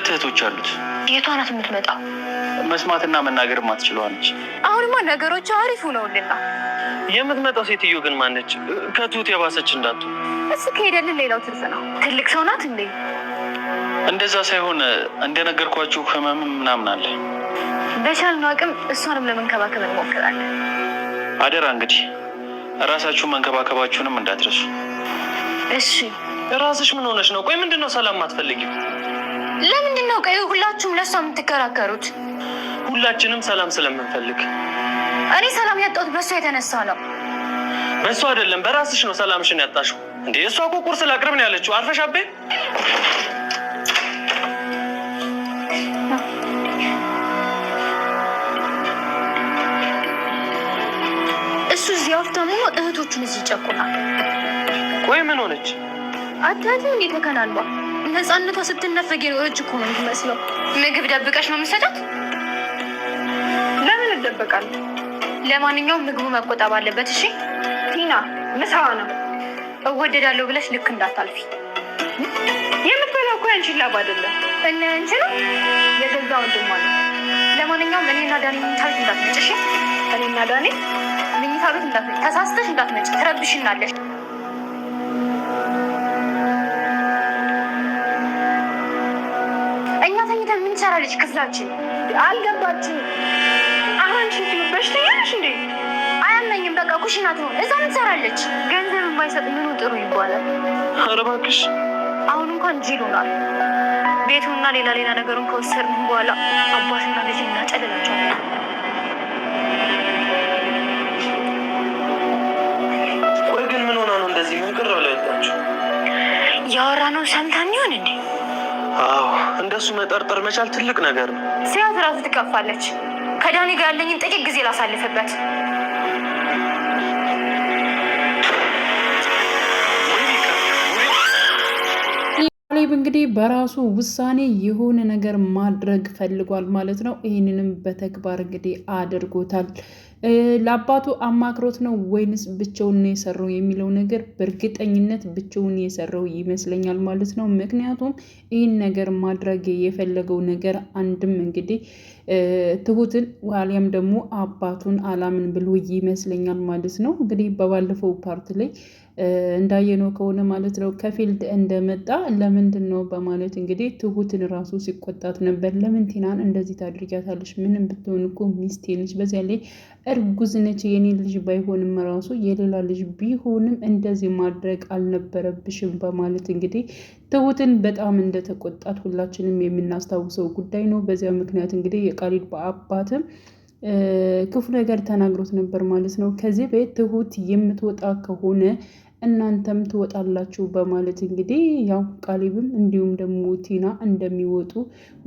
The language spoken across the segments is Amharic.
ሁለት እህቶች አሉት። የቷ ናት የምትመጣው? መስማትና መናገር ማትችለዋ ነች። አሁንማ ነገሮች አሪፍ ሆነውልና። የምትመጣው ሴትዮ ግን ማነች? ከትሁት የባሰች እንዳቱ። እሱ ከሄደልን ሌላው ትርፍ ነው። ትልቅ ሰው ናት እንዴ? እንደዛ ሳይሆን እንደነገርኳችሁ ህመም ምናምን አለ። በቻልነው አቅም እሷንም ለመንከባከብ እንሞክራለን። አደራ እንግዲህ እራሳችሁን መንከባከባችሁንም እንዳትረሱ እሺ። ራስሽ ምን ሆነሽ ነው? ቆይ ምንድን ነው ሰላም አትፈልጊም? ለምንድን ነው ቀይ ሁላችሁም ለእሷ የምትከራከሩት? ሁላችንም ሰላም ስለምንፈልግ። እኔ ሰላም ያጣሁት በእሷ የተነሳ ነው። በሷ አይደለም፣ በራስሽ ነው ሰላምሽን ያጣሽው። እንዴ እሷ እኮ ቁርስ ላቅርብ ነው ያለችው። አርፈሻቤ እሱ እዚህ አውርተሞ እህቶቹን እዚህ ይጨቁናል። ቆይ ምን ሆነች? አታትም እንዴ ተከናንቧል ነፃነቷ ስትነፈግ የኖረች እኮ ነው የምትመስለው። ምግብ ደብቀሽ ነው የምትሰጣት? ለምን እደበቃለሁ? ለማንኛውም ምግቡ መቆጠብ አለበት። እሺ ቲና፣ ምሳዋ ነው። እወደዳለሁ ብለሽ ልክ እንዳታልፊ። የምትበላው እኮ ያንቺን ላብ አይደለም እና ያንቺ ነው የገዛ ወንድሟ ነው። ለማንኛውም እኔና ዳኔ መኝታ ቤት እንዳትመጭ እሺ? እኔና ዳኔ መኝታ ቤት እንዳትመጭ፣ ተሳስተሽ እንዳትመጭ፣ ትረብሽናለሽ። ትሰራለች። ክፍላችን አልገባችም። አሁን ሽ በሽተኛ ነሽ እንዴ? አያመኝም። በቃ ኩሽናት ትሆን እዛ ትሰራለች? ገንዘብ ባይሰጥ ምኑ ጥሩ ይባላል? ኧረ እባክሽ አሁን እንኳን ጅል ሆኗል። ቤቱና ሌላ ሌላ ነገሩን ከወሰድን በኋላ አባትና ልጅ እናጨልላቸዋለን። ቆይ ግን ምን ሆና ነው እንደዚህ? ምንቅር ቅር አለ ያወራ ነው ሰምታን ይሆን እንዴ? አዎ እንደሱ መጠርጠር መቻል ትልቅ ነገር ነው። ሲያት ራሱ ትከፋለች። ከዳኒ ጋር ያለኝን ጥቂት ጊዜ ላሳልፍበት ካሌብ እንግዲህ በራሱ ውሳኔ የሆነ ነገር ማድረግ ፈልጓል ማለት ነው። ይህንንም በተግባር እንግዲህ አድርጎታል። ለአባቱ አማክሮት ነው ወይንስ ብቻውን ነው የሰራው የሚለው ነገር በእርግጠኝነት ብቻውን የሰራው ይመስለኛል ማለት ነው። ምክንያቱም ይህን ነገር ማድረግ የፈለገው ነገር አንድም እንግዲህ ትሁትን ዋሊያም ደግሞ አባቱን አላምን ብሎ ይመስለኛል ማለት ነው። እንግዲህ በባለፈው ፓርት ላይ እንዳየነው ከሆነ ማለት ነው ከፊልድ እንደመጣ ለምንድን ነው በማለት እንግዲህ ትሁትን ራሱ ሲቆጣት ነበር። ለምን ቲናን እንደዚህ ታድርጊያታለሽ? ምንም ብትሆን እኮ ሚስቴ ነች፣ በዚያ ላይ እርጉዝ ነች። የኔ ልጅ ባይሆንም ራሱ የሌላ ልጅ ቢሆንም እንደዚህ ማድረግ አልነበረብሽም በማለት እንግዲህ ትሁትን በጣም እንደተቆጣት ሁላችንም የምናስታውሰው ጉዳይ ነው። በዚያ ምክንያት እንግዲህ የቃሊድ በአባትም ክፉ ነገር ተናግሮት ነበር ማለት ነው። ከዚህ ቤት ትሁት የምትወጣ ከሆነ እናንተም ትወጣላችሁ በማለት እንግዲህ ያው ቃሊብም እንዲሁም ደግሞ ቲና እንደሚወጡ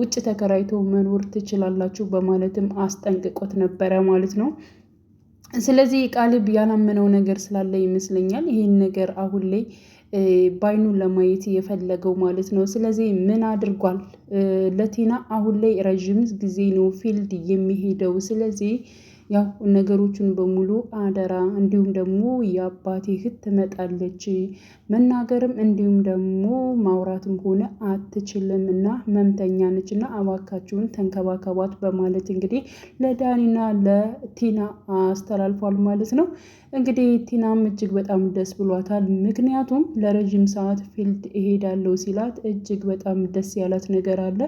ውጭ ተከራይቶ መኖር ትችላላችሁ በማለትም አስጠንቅቆት ነበረ ማለት ነው። ስለዚህ ቃሊብ ያላመነው ነገር ስላለ ይመስለኛል ይህን ነገር አሁን ላይ ባይኑ ለማየት የፈለገው ማለት ነው። ስለዚህ ምን አድርጓል? ለቲና አሁን ላይ ረዥም ጊዜ ነው ፊልድ የሚሄደው። ስለዚህ ያው ነገሮችን በሙሉ አደራ እንዲሁም ደግሞ የአባቴ እህት ትመጣለች መናገርም እንዲሁም ደግሞ ማውራትም ሆነ አትችልም እና መምተኛ ነች እና አባካችሁን ተንከባከቧት በማለት እንግዲህ ለዳኒና ለቲና አስተላልፏል ማለት ነው። እንግዲህ ቲናም እጅግ በጣም ደስ ብሏታል። ምክንያቱም ለረዥም ሰዓት ፊልድ እሄዳለሁ ሲላት እጅግ በጣም ደስ ያላት ነገር አለ።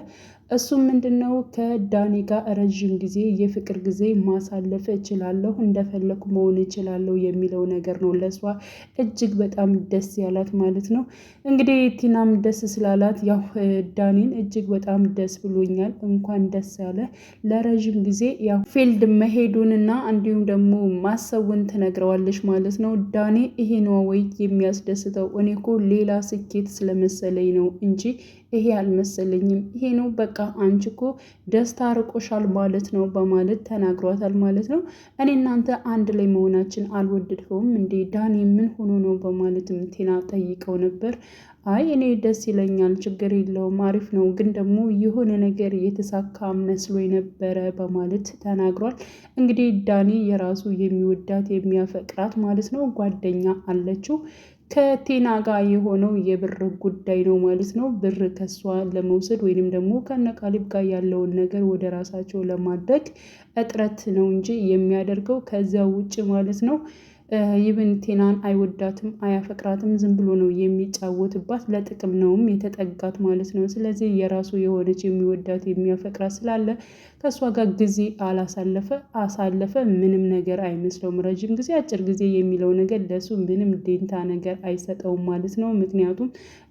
እሱም ምንድን ነው ከዳኒ ጋር ረዥም ጊዜ የፍቅር ጊዜ ማሳለፍ እችላለሁ፣ እንደፈለኩ መሆን እችላለሁ የሚለው ነገር ነው ለሷ እጅግ በጣም ደስ ያላት ማለት ነው። እንግዲህ ቲናም ደስ ስላላት ያው ዳኒን እጅግ በጣም ደስ ብሎኛል፣ እንኳን ደስ ያለ ለረዥም ጊዜ ያው ፊልድ መሄዱንና እንዲሁም ደግሞ ማሰቡን ተነግረዋል። ትለዋለች ማለት ነው። ዳኔ ይሄ ነው ወይ የሚያስደስተው? እኔ እኮ ሌላ ስኬት ስለመሰለኝ ነው እንጂ ይሄ አልመሰለኝም፣ ይሄ ነው በቃ አንቺ እኮ ደስታ ርቆሻል ማለት ነው በማለት ተናግሯታል ማለት ነው። እኔ እናንተ አንድ ላይ መሆናችን አልወደድከውም እንዴ ዳኔ ምን ሆኖ ነው በማለትም ቴና ጠይቀው ነበር። አይ እኔ ደስ ይለኛል፣ ችግር የለውም፣ አሪፍ ነው። ግን ደግሞ የሆነ ነገር የተሳካ መስሎ ነበረ በማለት ተናግሯል። እንግዲህ ዳኒ የራሱ የሚወዳት የሚያፈቅራት ማለት ነው ጓደኛ አለችው። ከቴና ጋር የሆነው የብር ጉዳይ ነው ማለት ነው። ብር ከሷ ለመውሰድ ወይንም ደግሞ ከነቃሊብ ጋር ያለውን ነገር ወደ ራሳቸው ለማድረግ እጥረት ነው እንጂ የሚያደርገው ከዚያ ውጭ ማለት ነው ይብን ቴናን አይወዳትም፣ አያፈቅራትም። ዝም ብሎ ነው የሚጫወትባት፣ ለጥቅም ነውም የተጠጋት ማለት ነው። ስለዚህ የራሱ የሆነች የሚወዳት የሚያፈቅራት ስላለ ከእሷ ጋር ጊዜ አላሳለፈ አሳለፈ ምንም ነገር አይመስለውም። ረዥም ጊዜ አጭር ጊዜ የሚለው ነገር ለእሱ ምንም ደንታ ነገር አይሰጠውም ማለት ነው። ምክንያቱም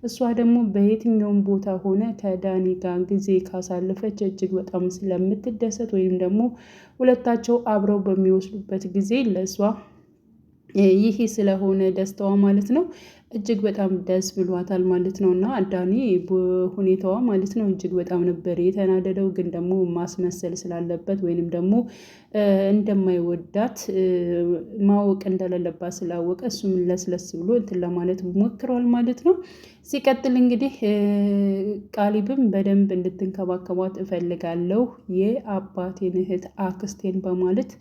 እሷ ደግሞ በየትኛውም ቦታ ሆነ ከዳኒ ጋር ጊዜ ካሳለፈች እጅግ በጣም ስለምትደሰት ወይም ደግሞ ሁለታቸው አብረው በሚወስዱበት ጊዜ ለእሷ ይሄ ስለሆነ ደስታዋ ማለት ነው እጅግ በጣም ደስ ብሏታል ማለት ነው። እና አዳኒ ሁኔታዋ ማለት ነው እጅግ በጣም ነበር የተናደደው። ግን ደግሞ ማስመሰል ስላለበት ወይንም ደግሞ እንደማይወዳት ማወቅ እንደሌለባት ስላወቀ እሱም ለስለስ ብሎ እንትን ለማለት ሞክሯል ማለት ነው። ሲቀጥል እንግዲህ ቃሊብም በደንብ እንድትንከባከቧት እፈልጋለሁ የአባቴን እህት አክስቴን በማለት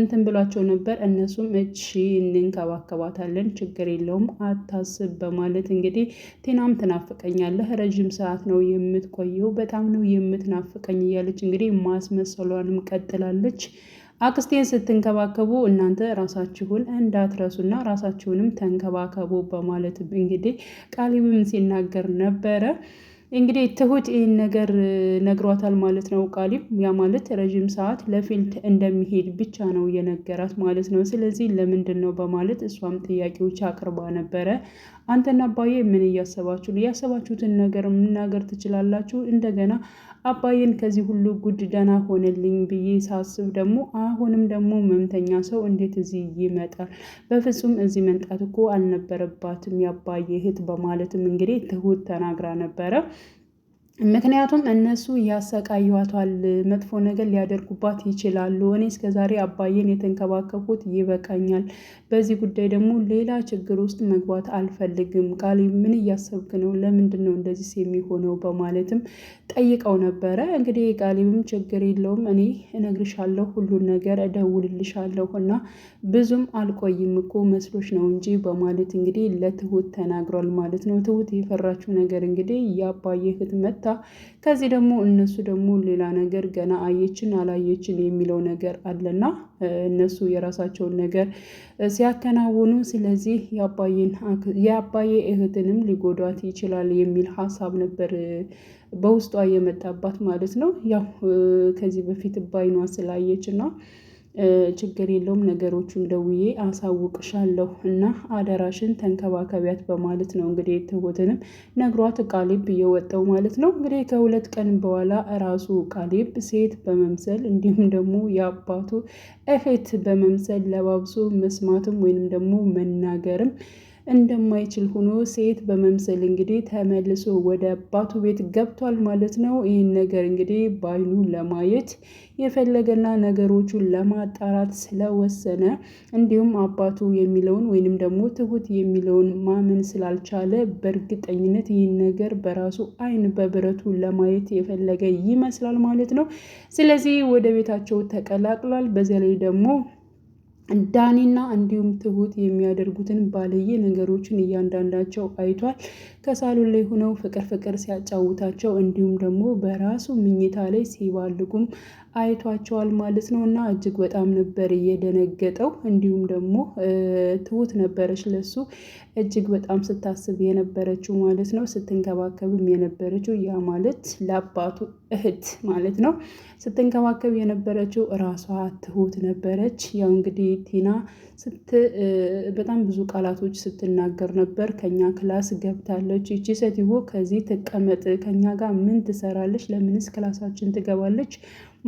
እንትን ብሏቸው ነበር። እነሱም እቺ እንንከባከባታለን ችግር የለውም አታስ ሳላስብ በማለት እንግዲህ ቴናም ትናፍቀኛለህ፣ ረዥም ሰዓት ነው የምትቆየው፣ በጣም ነው የምትናፍቀኝ እያለች እንግዲህ ማስመሰሏንም ቀጥላለች። አክስቴን ስትንከባከቡ እናንተ ራሳችሁን እንዳትረሱና ራሳችሁንም ተንከባከቡ በማለት እንግዲህ ቃሊምም ሲናገር ነበረ። እንግዲህ ትሁት ይህን ነገር ነግሯታል ማለት ነው ቃሊብ። ያ ማለት ረዥም ሰዓት ለፊልድ እንደሚሄድ ብቻ ነው የነገራት ማለት ነው። ስለዚህ ለምንድን ነው በማለት እሷም ጥያቄዎች አቅርባ ነበረ። አንተና አባዬ ምን እያሰባችሁ ያሰባችሁትን ነገር ምናገር ትችላላችሁ። እንደገና አባዬን ከዚህ ሁሉ ጉድ ደህና ሆነልኝ ብዬ ሳስብ ደግሞ አሁንም ደግሞ መምተኛ ሰው እንዴት እዚህ ይመጣል? በፍጹም እዚህ መምጣት እኮ አልነበረባትም ያባዬ እህት በማለትም እንግዲህ ትሁት ተናግራ ነበረ። ምክንያቱም እነሱ ያሰቃዩዋታል፣ መጥፎ ነገር ሊያደርጉባት ይችላሉ። እኔ እስከዛሬ አባዬን የተንከባከብኩት ይበቃኛል። በዚህ ጉዳይ ደግሞ ሌላ ችግር ውስጥ መግባት አልፈልግም። ቃል ምን እያሰብክ ነው? ለምንድን ነው እንደዚህ የሚሆነው? በማለትም ጠይቀው ነበረ። እንግዲህ ቃሊምም ችግር የለውም እኔ እነግርሻለሁ፣ ሁሉን ነገር እደውልልሻለሁ እና ብዙም አልቆይም እኮ መስሎች ነው እንጂ በማለት እንግዲህ ለትሁት ተናግሯል ማለት ነው። ትሁት የፈራችው ነገር እንግዲህ የአባዬ ህትመት ከዚህ ደግሞ እነሱ ደግሞ ሌላ ነገር ገና አየችን አላየችን የሚለው ነገር አለና እነሱ የራሳቸውን ነገር ሲያከናውኑ፣ ስለዚህ የአባዬ እህትንም ሊጎዷት ይችላል የሚል ሀሳብ ነበር በውስጧ የመጣባት ማለት ነው። ያው ከዚህ በፊት ባይኗ ስላየች እና ችግር የለውም ነገሮቹን ደውዬ አሳውቅሻለሁ እና አደራሽን ተንከባከቢያት በማለት ነው እንግዲህ ትሁትንም ነግሯት ቃሊብ እየወጣው ማለት ነው። እንግዲህ ከሁለት ቀን በኋላ ራሱ ቃሊብ ሴት በመምሰል እንዲሁም ደግሞ የአባቱ እህት በመምሰል ለባብሶ መስማትም ወይንም ደግሞ መናገርም እንደማይችል ሆኖ ሴት በመምሰል እንግዲህ ተመልሶ ወደ አባቱ ቤት ገብቷል ማለት ነው። ይህን ነገር እንግዲህ በአይኑ ለማየት የፈለገና ነገሮቹን ለማጣራት ስለወሰነ እንዲሁም አባቱ የሚለውን ወይንም ደግሞ ትሁት የሚለውን ማመን ስላልቻለ በእርግጠኝነት ይህን ነገር በራሱ አይን በብረቱ ለማየት የፈለገ ይመስላል ማለት ነው። ስለዚህ ወደ ቤታቸው ተቀላቅሏል። በዚያ ላይ ደግሞ ዳኒና እንዲሁም ትሁት የሚያደርጉትን ባለየ ነገሮችን እያንዳንዳቸው አይቷል። ከሳሎን ላይ ሆነው ፍቅር ፍቅር ሲያጫውታቸው እንዲሁም ደግሞ በራሱ ምኝታ ላይ ሲባልጉም አይቷቸዋል ማለት ነው። እና እጅግ በጣም ነበር እየደነገጠው። እንዲሁም ደግሞ ትሁት ነበረች ለሱ እጅግ በጣም ስታስብ የነበረችው ማለት ነው፣ ስትንከባከብም የነበረችው ያ ማለት ለአባቱ እህት ማለት ነው። ስትንከባከብ የነበረችው ራሷ ትሁት ነበረች። ያው እንግዲህ ቲና በጣም ብዙ ቃላቶች ስትናገር ነበር። ከኛ ክላስ ገብታል ትሆናለች? ይቺ ሴትዮ ከዚህ ትቀመጥ፣ ከኛ ጋር ምን ትሰራለች? ለምንስ ክላሳችን ትገባለች?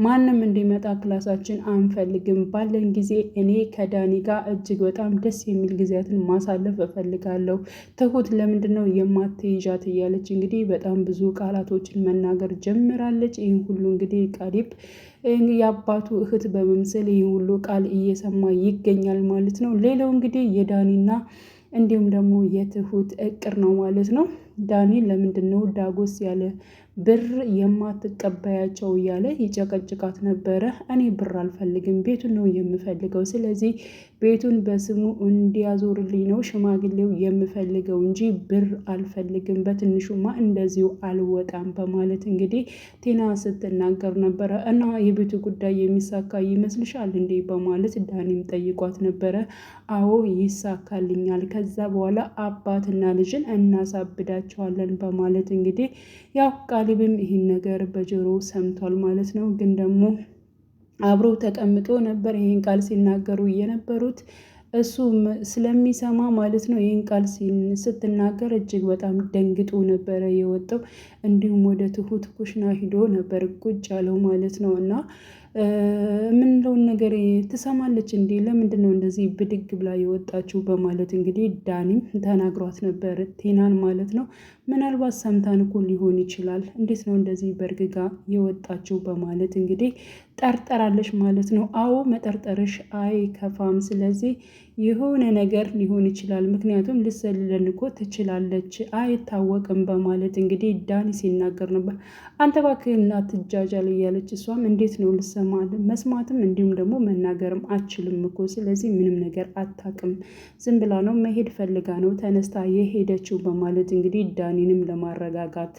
ማንም እንዲመጣ ክላሳችን አንፈልግም። ባለን ጊዜ እኔ ከዳኒ ጋር እጅግ በጣም ደስ የሚል ጊዜያትን ማሳለፍ እፈልጋለሁ። ትሁት ለምንድን ነው የማትይዣት? እያለች እንግዲህ በጣም ብዙ ቃላቶችን መናገር ጀምራለች። ይህን ሁሉ እንግዲህ ቀሪብ የአባቱ እህት በመምሰል ይህ ሁሉ ቃል እየሰማ ይገኛል ማለት ነው። ሌላው እንግዲህ የዳኒና እንዲሁም ደግሞ የትሁት እቅር ነው ማለት ነው። ዳኒ ለምንድን ነው ዳጎስ ያለ ብር የማትቀበያቸው እያለ ይጨቀጭቃት ነበረ። እኔ ብር አልፈልግም፣ ቤቱን ነው የምፈልገው። ስለዚህ ቤቱን በስሙ እንዲያዞርልኝ ነው ሽማግሌው የምፈልገው እንጂ ብር አልፈልግም። በትንሹማ እንደዚሁ አልወጣም በማለት እንግዲህ ቴና ስትናገር ነበረ። እና የቤቱ ጉዳይ የሚሳካ ይመስልሻል እንዴ? በማለት ዳኒም ጠይቋት ነበረ። አዎ ይሳካልኛል፣ ከዛ በኋላ አባትና ልጅን እናሳብዳቸዋለን በማለት እንግዲህ ያው ቃሊብም ይህን ነገር በጆሮ ሰምቷል ማለት ነው። ግን ደግሞ አብሮ ተቀምጦ ነበር ይህን ቃል ሲናገሩ የነበሩት እሱም ስለሚሰማ ማለት ነው። ይህን ቃል ስትናገር እጅግ በጣም ደንግጦ ነበረ የወጣው። እንዲሁም ወደ ትሁት ኩሽና ሂዶ ነበር ቁጭ ያለው ማለት ነው እና የምንለውን ነገር ትሰማለች እንዴ? ለምንድን ነው እንደዚህ ብድግ ብላ የወጣችው? በማለት እንግዲህ ዳኒም ተናግሯት ነበር፣ ቴናን ማለት ነው። ምናልባት ሰምታን እኮ ሊሆን ይችላል፣ እንዴት ነው እንደዚህ በእርግጋ የወጣችው? በማለት እንግዲህ ጠርጠራለች ማለት ነው። አዎ መጠርጠርሽ አይከፋም። ስለዚህ የሆነ ነገር ሊሆን ይችላል፣ ምክንያቱም ልትሰልለን እኮ ትችላለች፣ አይታወቅም በማለት እንግዲህ ዳኒ ሲናገር ነበር። አንተ እባክህ እናትጃጃል እያለች እሷም እንዴት ነው ልሰ መስማትም እንዲሁም ደግሞ መናገርም አችልም እኮ ስለዚህ ምንም ነገር አታቅም። ዝም ብላ ነው መሄድ ፈልጋ ነው ተነስታ የሄደችው በማለት እንግዲህ ዳኒንም ለማረጋጋት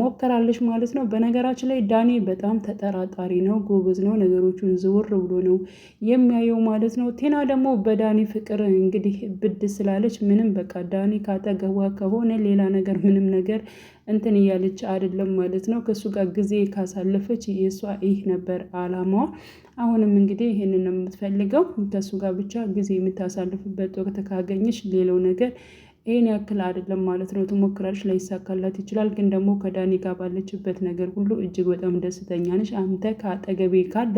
ሞከራለች ማለት ነው። በነገራችን ላይ ዳኒ በጣም ተጠራጣሪ ነው፣ ጎበዝ ነው፣ ነገሮቹን ዝውር ብሎ ነው የሚያየው ማለት ነው። ቴና ደግሞ በዳኒ ፍቅር እንግዲህ ብድ ስላለች ምንም በቃ ዳኒ ካጠገቧ ከሆነ ሌላ ነገር ምንም ነገር እንትን እያለች አይደለም ማለት ነው። ከእሱ ጋር ጊዜ ካሳለፈች የእሷ ይህ ነበር አላማዋ። አሁንም እንግዲህ ይህን ነው የምትፈልገው። ከእሱ ጋር ብቻ ጊዜ የምታሳልፍበት ወቅት ካገኘች ሌላው ነገር ይህን ያክል አይደለም ማለት ነው። ትሞክራለች፣ ላይሳካላት ይችላል። ግን ደግሞ ከዳኒ ጋር ባለችበት ነገር ሁሉ እጅግ በጣም ደስተኛ ነች። አንተ ከአጠገቤ ካለ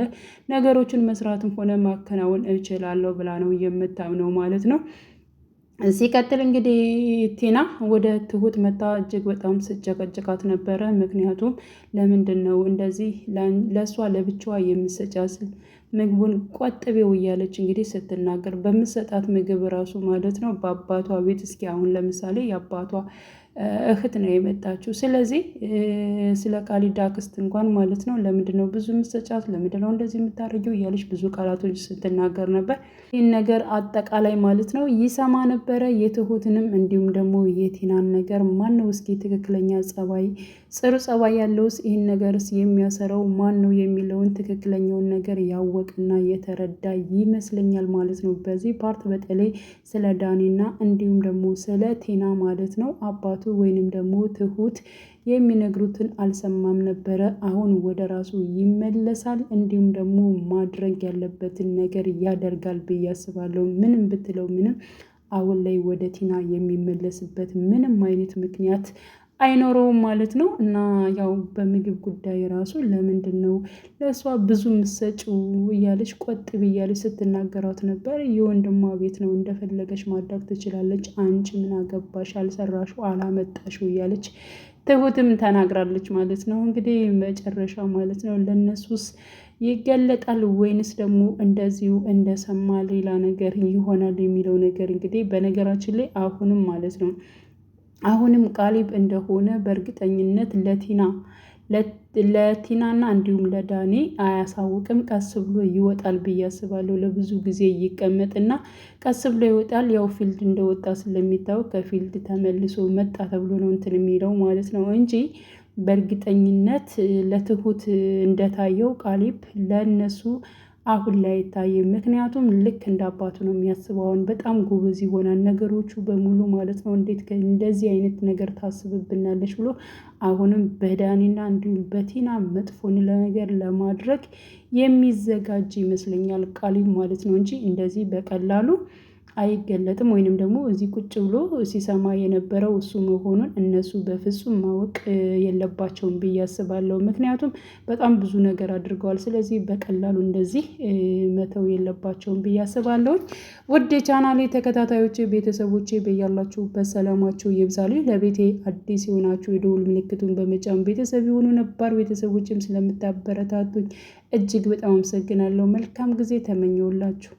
ነገሮችን መስራትም ሆነ ማከናወን እችላለሁ ብላ ነው የምታምነው ማለት ነው። ሲቀጥል እንግዲህ ቲና ወደ ትሁት መታ እጅግ በጣም ስጨቀጭቃት ነበረ። ምክንያቱም ለምንድን ነው እንደዚህ ለእሷ ለብቻዋ ስል ምግቡን ቆጥቤው እያለች እንግዲህ ስትናገር በምሰጣት ምግብ ራሱ ማለት ነው በአባቷ ቤት እስኪ አሁን ለምሳሌ የአባቷ እህት ነው የመጣችው። ስለዚህ ስለ ቃሊዳ ክስት እንኳን ማለት ነው ለምንድን ነው ብዙ የምትሰጫት፣ ለምንድን ነው እንደዚህ የምታደርጊው እያለች ብዙ ቃላቶች ስትናገር ነበር። ይህን ነገር አጠቃላይ ማለት ነው ይሰማ ነበረ። የትሁትንም እንዲሁም ደግሞ የቴናን ነገር ማን ነው እስኪ ትክክለኛ ጸባይ፣ ጽሩ ጸባይ ያለውስ ይህን ነገርስ የሚያሰረው ማን ነው የሚለውን ትክክለኛውን ነገር ያወቅና የተረዳ ይመስለኛል ማለት ነው። በዚህ ፓርት በተለይ ስለ ዳኒና እንዲሁም ደግሞ ስለ ቴና ማለት ነው አባቱ ወይንም ደግሞ ትሁት የሚነግሩትን አልሰማም ነበረ። አሁን ወደ ራሱ ይመለሳል፣ እንዲሁም ደግሞ ማድረግ ያለበትን ነገር ያደርጋል ብዬ አስባለሁ። ምንም ብትለው ምንም አሁን ላይ ወደ ቲና የሚመለስበት ምንም አይነት ምክንያት አይኖረውም ማለት ነው። እና ያው በምግብ ጉዳይ ራሱ ለምንድን ነው ለእሷ ብዙ ምሰጪው እያለች ቆጥብ እያለች ስትናገራት ነበር። የወንድሟ ቤት ነው እንደፈለገች ማድረግ ትችላለች፣ አንቺ ምን አገባሽ፣ አልሰራሹ አላመጣሹ እያለች ትሁትም ተናግራለች ማለት ነው። እንግዲህ መጨረሻ ማለት ነው ለነሱስ ይገለጣል ወይንስ ደግሞ እንደዚሁ እንደሰማ ሌላ ነገር ይሆናል የሚለው ነገር እንግዲህ በነገራችን ላይ አሁንም ማለት ነው አሁንም ቃሊብ እንደሆነ በእርግጠኝነት ለቲና ለቲናና እንዲሁም ለዳኔ አያሳውቅም። ቀስ ብሎ ይወጣል ብዬ አስባለሁ። ለብዙ ጊዜ ይቀመጥና ቀስ ብሎ ይወጣል። ያው ፊልድ እንደወጣ ስለሚታወቅ ከፊልድ ተመልሶ መጣ ተብሎ ነው እንትን የሚለው ማለት ነው እንጂ በእርግጠኝነት ለትሁት እንደታየው ቃሊብ ለእነሱ አሁን ላይ አይታይም። ምክንያቱም ልክ እንደ አባቱ ነው የሚያስበውን በጣም ጎበዝ ይሆናል ነገሮቹ በሙሉ ማለት ነው። እንዴት እንደዚህ አይነት ነገር ታስብብናለች ብሎ አሁንም በዳኒና እንዲሁም በቲና መጥፎን ለነገር ለማድረግ የሚዘጋጅ ይመስለኛል ቃሊብ ማለት ነው እንጂ እንደዚህ በቀላሉ አይገለጥም ወይንም ደግሞ እዚህ ቁጭ ብሎ ሲሰማ የነበረው እሱ መሆኑን እነሱ በፍጹም ማወቅ የለባቸውም ብዬ አስባለሁ። ምክንያቱም በጣም ብዙ ነገር አድርገዋል። ስለዚህ በቀላሉ እንደዚህ መተው የለባቸውም ብዬ አስባለሁ። ውድ የቻናሌ ተከታታዮች ቤተሰቦቼ በያላችሁበት ሰላማችሁ ይብዛልኝ። ለቤቴ አዲስ የሆናችሁ የደውል ምልክቱን በመጫን ቤተሰብ የሆኑ ነባር ቤተሰቦችም ስለምታበረታቱኝ እጅግ በጣም አመሰግናለሁ። መልካም ጊዜ ተመኘውላችሁ።